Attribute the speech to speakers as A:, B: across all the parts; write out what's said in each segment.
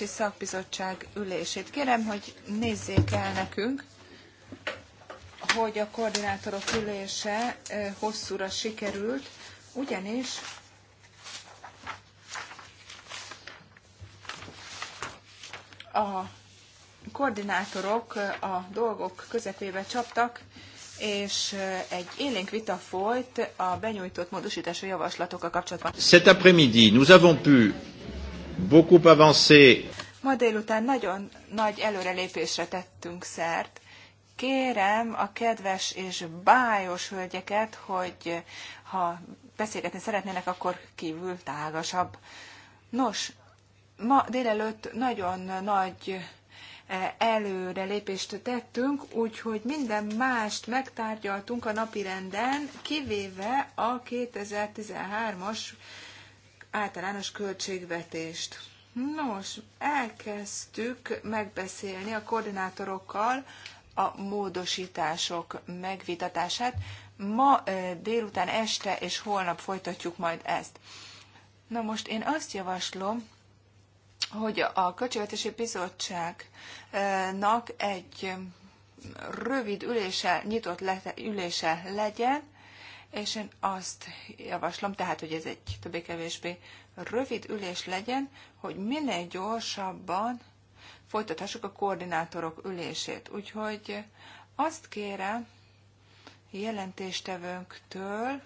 A: és szakbizottság ülését. Kérem, hogy nézzék el nekünk, hogy a koordinátorok ülése hosszúra sikerült, ugyanis a koordinátorok a dolgok közepébe csaptak, és egy élénk vita folyt a benyújtott módosítású javaslatokkal kapcsolatban. Cet après-midi, nous avons pu beaucoup avancé. Ma délután nagyon nagy előrelépésre tettünk szert. Kérem a kedves és bájos hölgyeket, hogy ha beszélgetni szeretnének, akkor kívül tágasabb. Nos, ma délelőtt nagyon nagy eh, előrelépést tettünk, úgyhogy minden mást megtárgyaltunk a renden, kivéve a 2013-as általános költségvetést. Nos, elkezdtük megbeszélni a koordinátorokkal a módosítások megvitatását. Ma délután este és holnap folytatjuk majd ezt. Na most én azt javaslom, hogy a Költségvetési Bizottságnak egy rövid ülése, nyitott ülése legyen, és én azt javaslom, tehát, hogy ez egy többé-kevésbé rövid ülés legyen, hogy minél gyorsabban folytathassuk a koordinátorok ülését. Úgyhogy azt kérem jelentéstevőnktől,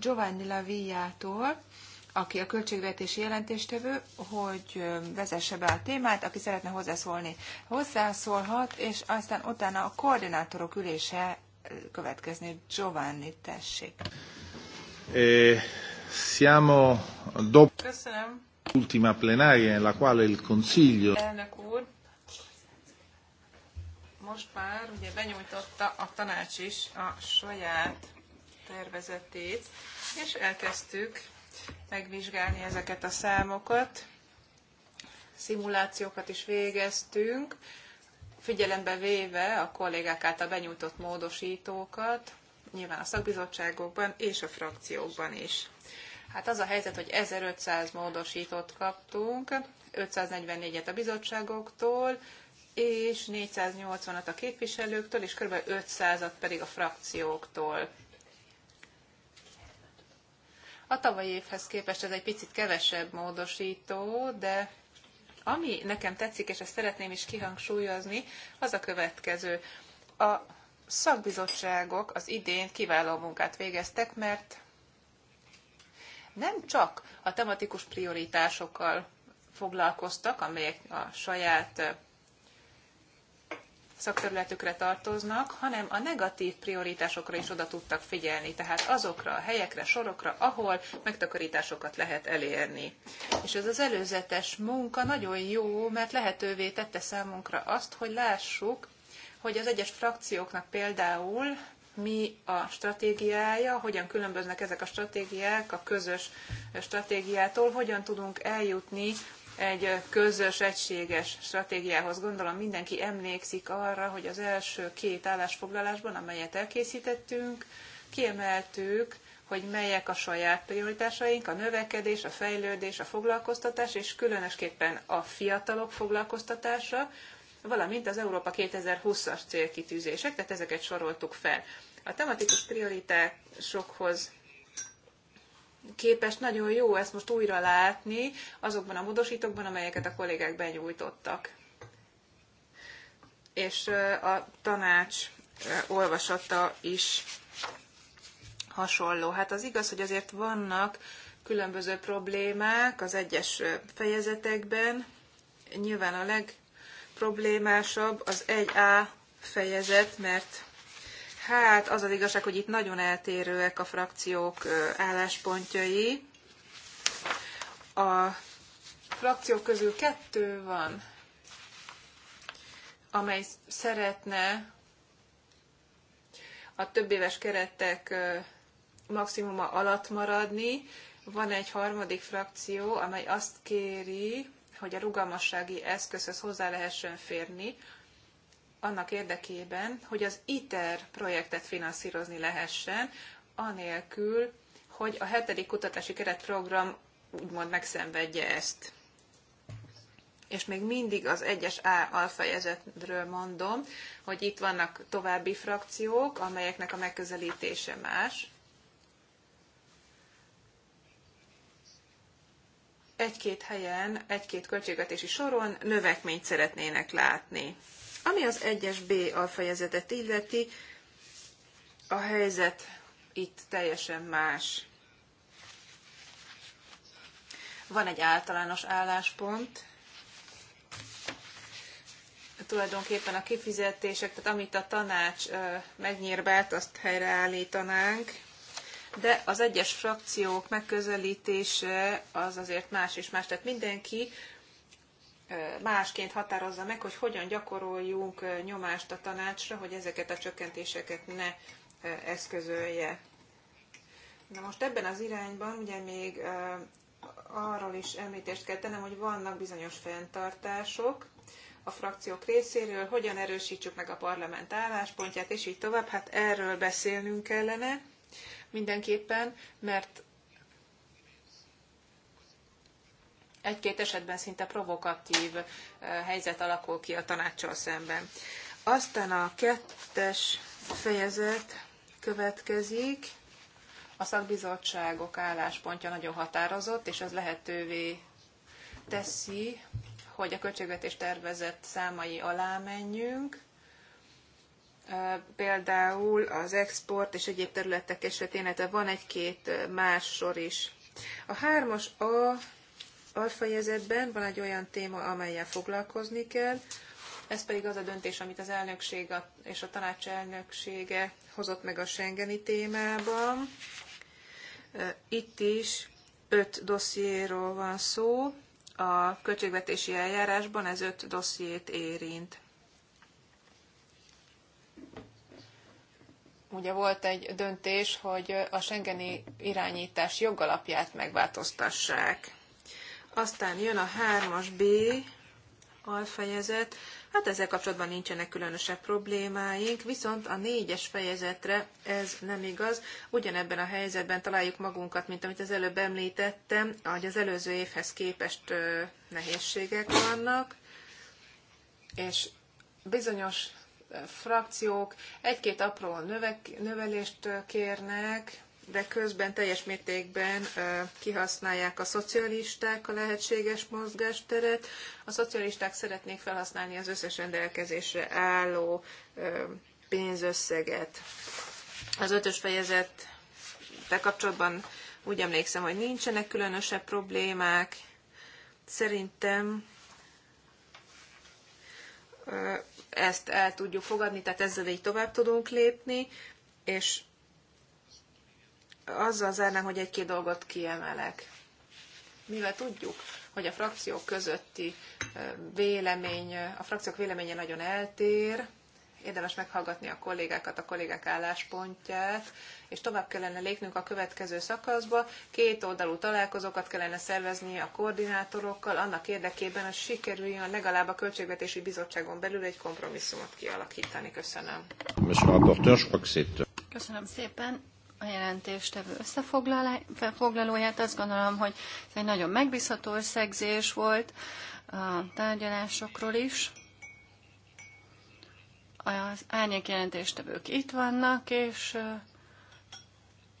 A: Giovanni Lavillától, aki a költségvetési jelentéstevő, hogy vezesse be a témát, aki szeretne hozzászólni, hozzászólhat, és aztán utána a koordinátorok ülése következni. Giovanni, tessék.
B: Eh, siamo dopo
A: Köszönöm.
B: l'ultima plenaria nella
A: quale il Consiglio... úr, most már ugye benyújtotta a tanács is a saját tervezetét, és elkezdtük megvizsgálni ezeket a számokat, szimulációkat is végeztünk, figyelembe véve a kollégák által benyújtott módosítókat, nyilván a szakbizottságokban és a frakciókban is. Hát az a helyzet, hogy 1500 módosítót kaptunk, 544-et a bizottságoktól, és 480-at a képviselőktől, és kb. 500-at pedig a frakcióktól. A tavalyi évhez képest ez egy picit kevesebb módosító, de ami nekem tetszik, és ezt szeretném is kihangsúlyozni, az a következő. A szakbizottságok az idén kiváló munkát végeztek, mert nem csak a tematikus prioritásokkal foglalkoztak, amelyek a saját szakterületükre tartoznak, hanem a negatív prioritásokra is oda tudtak figyelni, tehát azokra a helyekre, sorokra, ahol megtakarításokat lehet elérni. És ez az előzetes munka nagyon jó, mert lehetővé tette számunkra azt, hogy lássuk, hogy az egyes frakcióknak például mi a stratégiája, hogyan különböznek ezek a stratégiák a közös stratégiától, hogyan tudunk eljutni egy közös, egységes stratégiához. Gondolom mindenki emlékszik arra, hogy az első két állásfoglalásban, amelyet elkészítettünk, kiemeltük, hogy melyek a saját prioritásaink, a növekedés, a fejlődés, a foglalkoztatás, és különösképpen a fiatalok foglalkoztatása, valamint az Európa 2020-as célkitűzések, tehát ezeket soroltuk fel. A tematikus prioritásokhoz képest nagyon jó ezt most újra látni azokban a módosítókban, amelyeket a kollégák benyújtottak. És a tanács olvasata is hasonló. Hát az igaz, hogy azért vannak különböző problémák az egyes fejezetekben. Nyilván a legproblémásabb az 1A fejezet, mert Hát az az igazság, hogy itt nagyon eltérőek a frakciók álláspontjai. A frakciók közül kettő van, amely szeretne a több éves keretek maximuma alatt maradni. Van egy harmadik frakció, amely azt kéri, hogy a rugalmassági eszközhöz hozzá lehessen férni, annak érdekében, hogy az ITER projektet finanszírozni lehessen, anélkül, hogy a hetedik kutatási keretprogram úgymond megszenvedje ezt. És még mindig az egyes A alfejezetről mondom, hogy itt vannak további frakciók, amelyeknek a megközelítése más. Egy-két helyen, egy-két költségvetési soron növekményt szeretnének látni. Ami az 1-es B alfejezetet illeti, a helyzet itt teljesen más. Van egy általános álláspont, tulajdonképpen a kifizetések, tehát amit a tanács megnyírbált, azt helyreállítanánk, de az egyes frakciók megközelítése az azért más és más. Tehát mindenki másként határozza meg, hogy hogyan gyakoroljunk nyomást a tanácsra, hogy ezeket a csökkentéseket ne eszközölje. Na most ebben az irányban ugye még arról is említést kell tennem, hogy vannak bizonyos fenntartások a frakciók részéről, hogyan erősítsük meg a parlament álláspontját, és így tovább. Hát erről beszélnünk kellene mindenképpen, mert egy-két esetben szinte provokatív helyzet alakul ki a tanácssal szemben. Aztán a kettes fejezet következik. A szakbizottságok álláspontja nagyon határozott, és az lehetővé teszi, hogy a költségvetés tervezett számai alá menjünk. Például az export és egyéb területek esetén, tehát van egy-két más sor is. A hármas A alfejezetben van egy olyan téma, amelyen foglalkozni kell, ez pedig az a döntés, amit az elnökség és a tanács elnöksége hozott meg a Schengeni témában. Itt is öt dossziéról van szó, a költségvetési eljárásban ez öt dossziét érint. Ugye volt egy döntés, hogy a Schengeni irányítás jogalapját megváltoztassák. Aztán jön a 3-as B alfejezet. Hát ezzel kapcsolatban nincsenek különösebb problémáink, viszont a négyes fejezetre ez nem igaz. Ugyanebben a helyzetben találjuk magunkat, mint amit az előbb említettem, hogy az előző évhez képest nehézségek vannak, és bizonyos frakciók egy-két apró növek, növelést kérnek, de közben teljes mértékben kihasználják a szocialisták a lehetséges mozgásteret. A szocialisták szeretnék felhasználni az összes rendelkezésre álló pénzösszeget. Az ötös fejezettel kapcsolatban úgy emlékszem, hogy nincsenek különösebb problémák. Szerintem ezt el tudjuk fogadni, tehát ezzel így tovább tudunk lépni, és azzal zárnám, hogy egy-két dolgot kiemelek. Mivel tudjuk, hogy a frakciók közötti vélemény, a frakciók véleménye nagyon eltér, érdemes meghallgatni a kollégákat, a kollégák álláspontját, és tovább kellene lépnünk a következő szakaszba. Két oldalú találkozókat kellene szervezni a koordinátorokkal, annak érdekében, hogy
B: sikerüljön
A: legalább a Költségvetési Bizottságon belül egy kompromisszumot kialakítani. Köszönöm.
B: Köszönöm szépen a jelentéstevő összefoglalóját. Azt gondolom, hogy ez egy nagyon megbízható összegzés volt a tárgyalásokról is. Az árnyék jelentéstevők itt vannak, és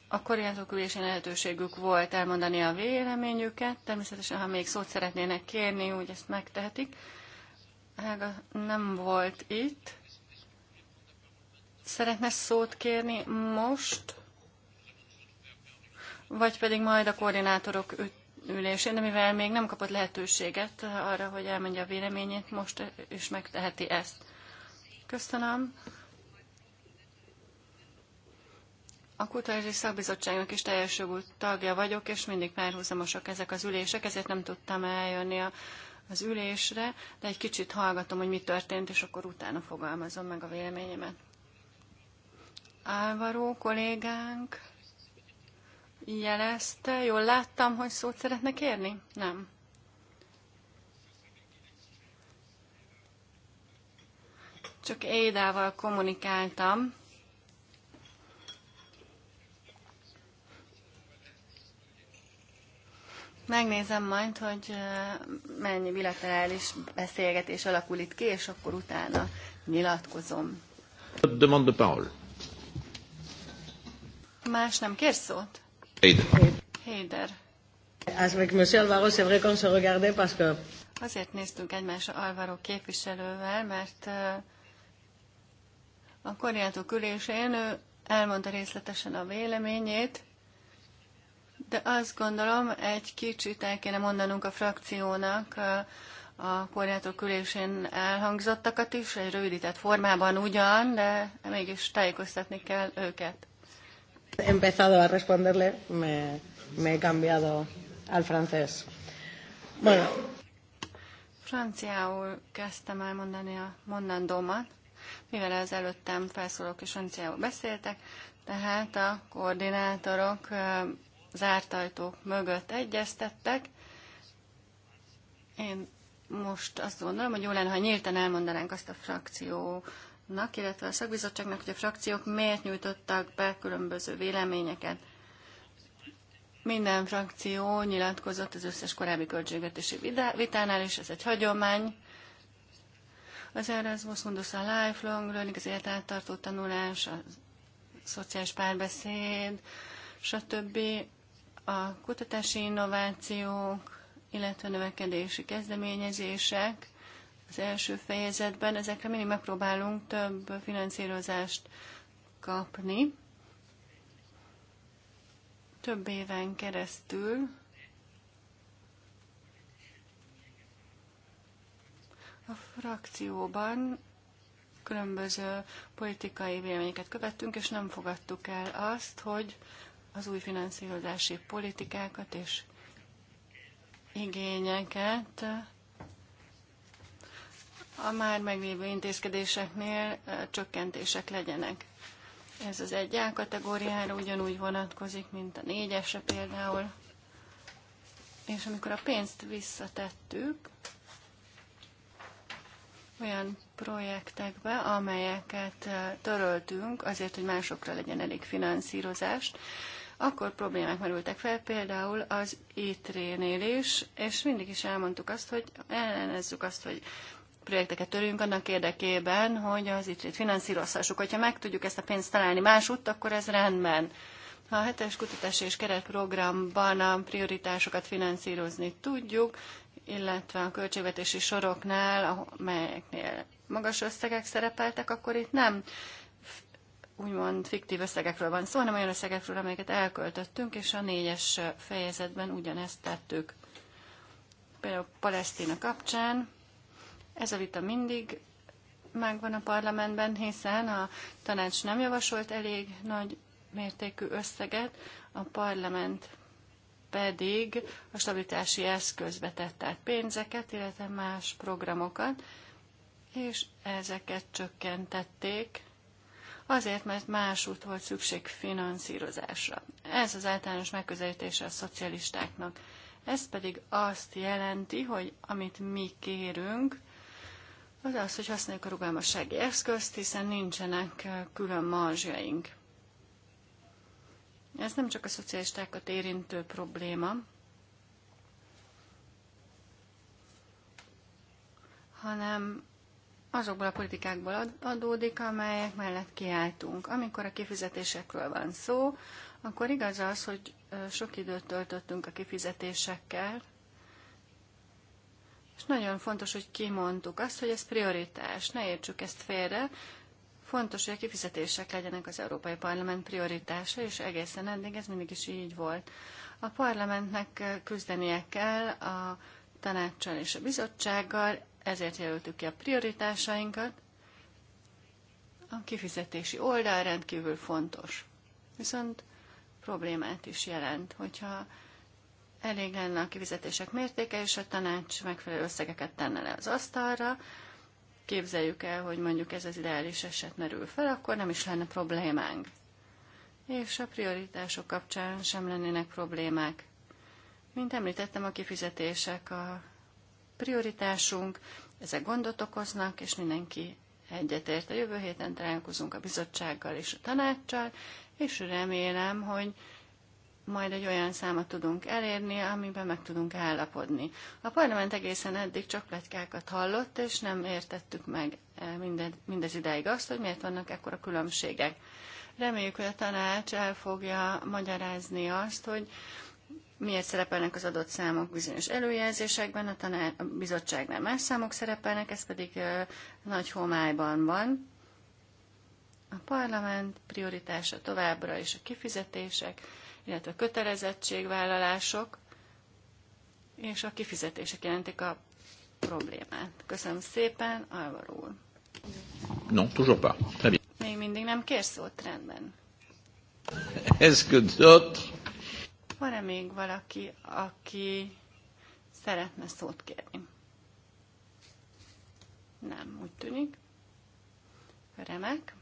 B: a koordinátok ülésen lehetőségük volt elmondani a véleményüket. Természetesen, ha még szót szeretnének kérni, úgy ezt megtehetik. Helga nem volt itt. Szeretne szót kérni most? vagy pedig majd a koordinátorok ülésén, de mivel még nem kapott lehetőséget arra, hogy elmondja a véleményét, most is megteheti ezt. Köszönöm. A Kutatási Szakbizottságnak is teljes jogú tagja vagyok, és mindig párhuzamosak ezek az ülések, ezért nem tudtam eljönni a, az ülésre, de egy kicsit hallgatom, hogy mi történt, és akkor utána fogalmazom meg a véleményemet. Álvaró kollégánk jelezte. Jól láttam, hogy szót szeretne kérni? Nem. Csak Édával kommunikáltam. Megnézem majd, hogy mennyi bilaterális beszélgetés alakul itt ki, és akkor utána nyilatkozom.
A: Demande de parole.
B: Más nem kér szót? Heider. Alvaro, Azért néztünk egymásra Alvaro képviselővel, mert a Koriátó ülésén ő elmondta részletesen a véleményét, de azt gondolom, egy kicsit el kéne mondanunk a frakciónak a Koriátó ülésén elhangzottakat is, egy rövidített formában ugyan, de mégis tájékoztatni kell őket empezado a responderle, me, me he cambiado al francés. Bueno. Franciául kezdtem el mondani a mondandómat, mivel az előttem felszólók és franciául beszéltek, tehát a koordinátorok zárt ajtók mögött egyeztettek. Én most azt gondolom, hogy jó lenne, ha nyíltan elmondanánk azt a frakció bizottságnak, illetve a szakbizottságnak, hogy a frakciók miért nyújtottak be különböző véleményeket. Minden frakció nyilatkozott az összes korábbi költségvetési vitánál, és ez egy hagyomány. Az Erasmus Mundus a lifelong learning, az életáltartó tanulás, a szociális párbeszéd, stb. A kutatási innovációk, illetve növekedési kezdeményezések az első fejezetben, ezekre mindig megpróbálunk több finanszírozást kapni. Több éven keresztül a frakcióban különböző politikai véleményeket követtünk, és nem fogadtuk el azt, hogy az új finanszírozási politikákat és igényeket a már meglévő intézkedéseknél csökkentések legyenek. Ez az egy a kategóriára ugyanúgy vonatkozik, mint a négyesre például. És amikor a pénzt visszatettük olyan projektekbe, amelyeket töröltünk azért, hogy másokra legyen elég finanszírozást, akkor problémák merültek fel, például az étrénél is, és mindig is elmondtuk azt, hogy ellenezzük azt, hogy projekteket törünk annak érdekében, hogy az itt finanszírozhassuk. Hogyha meg tudjuk ezt a pénzt találni másút, akkor ez rendben. Ha a hetes kutatási és keretprogramban a prioritásokat finanszírozni tudjuk, illetve a költségvetési soroknál, amelyeknél magas összegek szerepeltek, akkor itt nem úgymond fiktív összegekről van szó, hanem olyan összegekről, amelyeket elköltöttünk, és a négyes fejezetben ugyanezt tettük. Például Palesztina kapcsán ez a vita mindig megvan a parlamentben, hiszen a tanács nem javasolt elég nagy mértékű összeget, a parlament pedig a stabilitási eszközbe tett át pénzeket, illetve más programokat, és ezeket csökkentették, azért, mert út volt szükség finanszírozásra. Ez az általános megközelítése a szocialistáknak. Ez pedig azt jelenti, hogy amit mi kérünk, az az, hogy használjuk a rugalmassági eszközt, hiszen nincsenek eh, külön marzsjaink. Ez nem csak a szocialistákat érintő probléma, hanem azokból a politikákból adódik, amelyek mellett kiálltunk. Amikor a kifizetésekről van szó, akkor igaz az, hogy eh, sok időt töltöttünk a kifizetésekkel, és nagyon fontos, hogy kimondtuk azt, hogy ez prioritás, ne értsük ezt félre, fontos, hogy a kifizetések legyenek az Európai Parlament prioritása, és egészen eddig ez mindig is így volt. A parlamentnek küzdenie kell a tanácssal és a bizottsággal, ezért jelöltük ki a prioritásainkat. A kifizetési oldal rendkívül fontos. Viszont problémát is jelent, hogyha elég lenne a kivizetések mértéke, és a tanács megfelelő összegeket tenne le az asztalra. Képzeljük el, hogy mondjuk ez az ideális eset merül fel, akkor nem is lenne problémánk. És a prioritások kapcsán sem lennének problémák. Mint említettem, a kifizetések a prioritásunk, ezek gondot okoznak, és mindenki egyetért. A jövő héten találkozunk a bizottsággal és a tanácssal, és remélem, hogy majd egy olyan számot tudunk elérni, amiben meg tudunk állapodni. A parlament egészen eddig csak pletykákat hallott, és nem értettük meg eh, mindez, mindez ideig azt, hogy miért vannak ekkora különbségek. Reméljük, hogy a tanács el fogja magyarázni azt, hogy miért szerepelnek az adott számok bizonyos előjelzésekben, a, tanár, a bizottságnál más számok szerepelnek, ez pedig eh, nagy homályban van. A parlament prioritása továbbra is a kifizetések, illetve kötelezettségvállalások, és a kifizetések jelentik a problémát. Köszönöm szépen, Álvaro úr.
A: Non, toujours pas. Très bien.
B: Még mindig nem kér szót, rendben.
A: Ez között.
B: Van-e még valaki, aki szeretne szót kérni? Nem, úgy tűnik. Remek.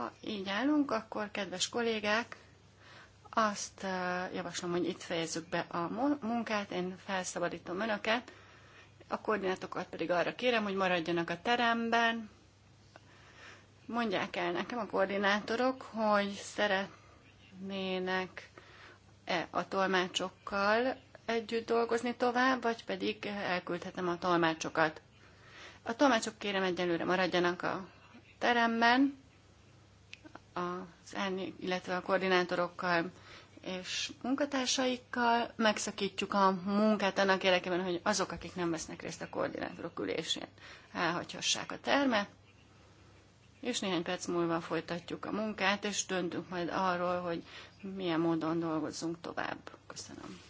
B: Ha így állunk, akkor kedves kollégák, azt javaslom, hogy itt fejezzük be a munkát, én felszabadítom önöket, a koordinátokat pedig arra kérem, hogy maradjanak a teremben. Mondják el nekem a koordinátorok, hogy szeretnének -e a tolmácsokkal együtt dolgozni tovább, vagy pedig elküldhetem a tolmácsokat. A tolmácsok kérem egyelőre maradjanak a teremben az árnyék, illetve a koordinátorokkal és munkatársaikkal megszakítjuk a munkát annak érdekében, hogy azok, akik nem vesznek részt a koordinátorok ülésén, elhagyhassák a termet, és néhány perc múlva folytatjuk a munkát, és döntünk majd arról, hogy milyen módon dolgozzunk tovább. Köszönöm.